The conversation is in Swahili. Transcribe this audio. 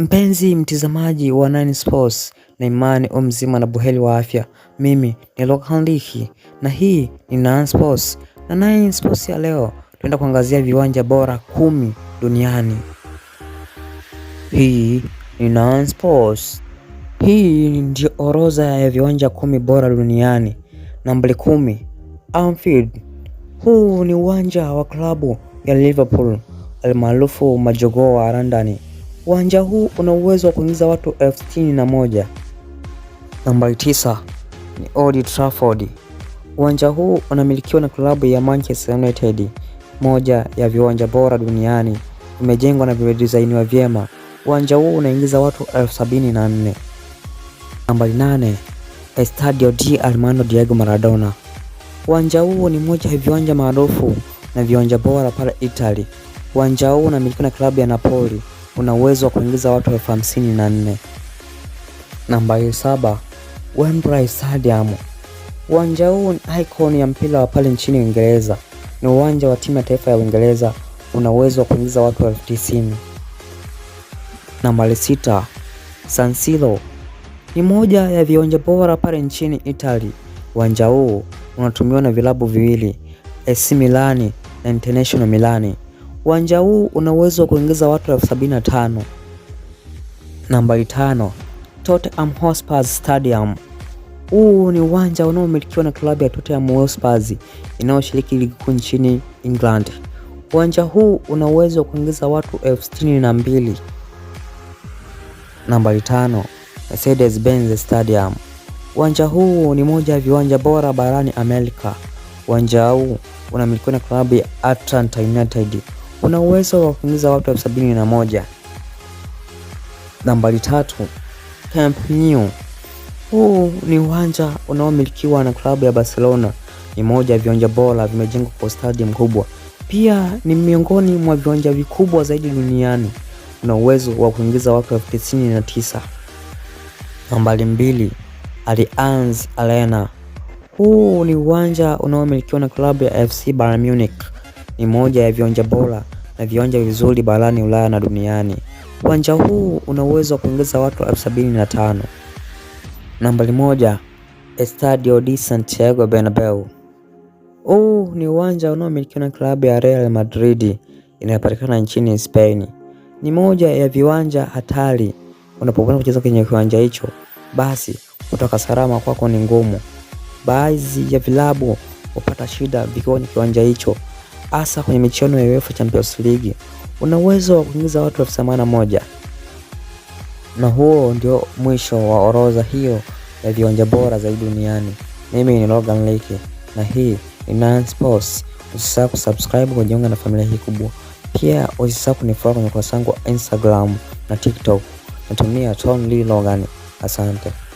Mpenzi mtizamaji wa Nine Sports na imani umzima na buheli wa afya. Mimi ni Lokhan na hii ni Nine Sports. Na Nine Sports ya leo tunaenda kuangazia viwanja bora kumi duniani. Hii ni Nine Sports. Hii ndio orodha ya viwanja kumi bora duniani. Nambari kumi, Anfield. Huu ni uwanja wa klabu ya Liverpool almaarufu majogoo wa London Uwanja huu una uwezo wa kuingiza watu elfu sitini na moja. Nambari tisa ni Old Trafford. Uwanja huu unamilikiwa na klabu ya Manchester United, moja ya viwanja bora duniani. Umejengwa na vimedizainiwa vyema. Uwanja huu unaingiza watu elfu sabini na nne. Nambari nane Estadio di Armando Diego Maradona. Uwanja huu ni moja ya viwanja maarufu na viwanja bora pale Italy. Uwanja huu unamilikiwa na klabu ya Napoli una uwezo wa kuingiza watu elfu hamsini na nne. Nambari saba, Wembley Stadium. Uwanja huu ni icon ya mpira wa pale nchini Uingereza. Ni uwanja wa timu ya taifa ya Uingereza, una uwezo wa kuingiza watu elfu tisini. Nambari sita, San Siro. Ni moja ya viwanja bora pale nchini Italy. Uwanja huu unatumiwa na vilabu viwili, AC Milani na International Milani. Uwanja huu una uwezo wa kuingiza watu elfu sabini na tano. Nambari tano, Tottenham Hotspur Stadium. Huu ni uwanja unaomilikiwa na klabu ya Tottenham Hotspur inayoshiriki ligi kuu nchini England. Uwanja huu una uwezo wa kuingiza watu elfu sitini na mbili. Nambari tano, Mercedes Benz Stadium. Uwanja huu ni moja ya viwanja bora barani Amerika. Uwanja huu unamilikiwa na klabu ya Atlanta United una uwezo wa kuingiza watu elfu sabini na moja. Nambari tatu, Camp Nou. Huu ni uwanja unaomilikiwa na klabu ya Barcelona. Ni moja ya viwanja bora vimejengwa kwa ustadi mkubwa, pia ni miongoni mwa viwanja vikubwa zaidi duniani. Una uwezo wa kuingiza watu elfu tisini na tisa. Nambari mbili, Allianz Arena. Huu ni uwanja unaomilikiwa na klabu ya FC Bayern Munich. Ni moja ya viwanja bora na viwanja vizuri barani Ulaya na duniani. Uwanja huu una uwezo wa kuingiza watu elfu sabini na tano. Nambari moja, Estadio de Santiago Bernabeu. Huu ni uwanja unaomilikiwa na klabu ya Real Madrid inayopatikana nchini Spain. Ni moja ya viwanja hatari. Unapokwenda kucheza kwenye kiwanja hicho, basi kutoka salama kwako ni ngumu. Baadhi ya vilabu hupata shida vikiwa kwenye kiwanja hicho hasa kwenye michuano ya UEFA Champions League. Una uwezo wa kuingiza watu elfu themanini na moja na huo ndio mwisho wa orodha hiyo ya viwanja bora zaidi duniani. Mimi ni Logan Lake na hii ni Nine Sports. Usisahau kusubscribe kujiunga na familia hii kubwa. Pia usisahau kunifollow kwenye ukurasa wangu wa Instagram na TikTok. Natumia Tom Lee Logan. Asante.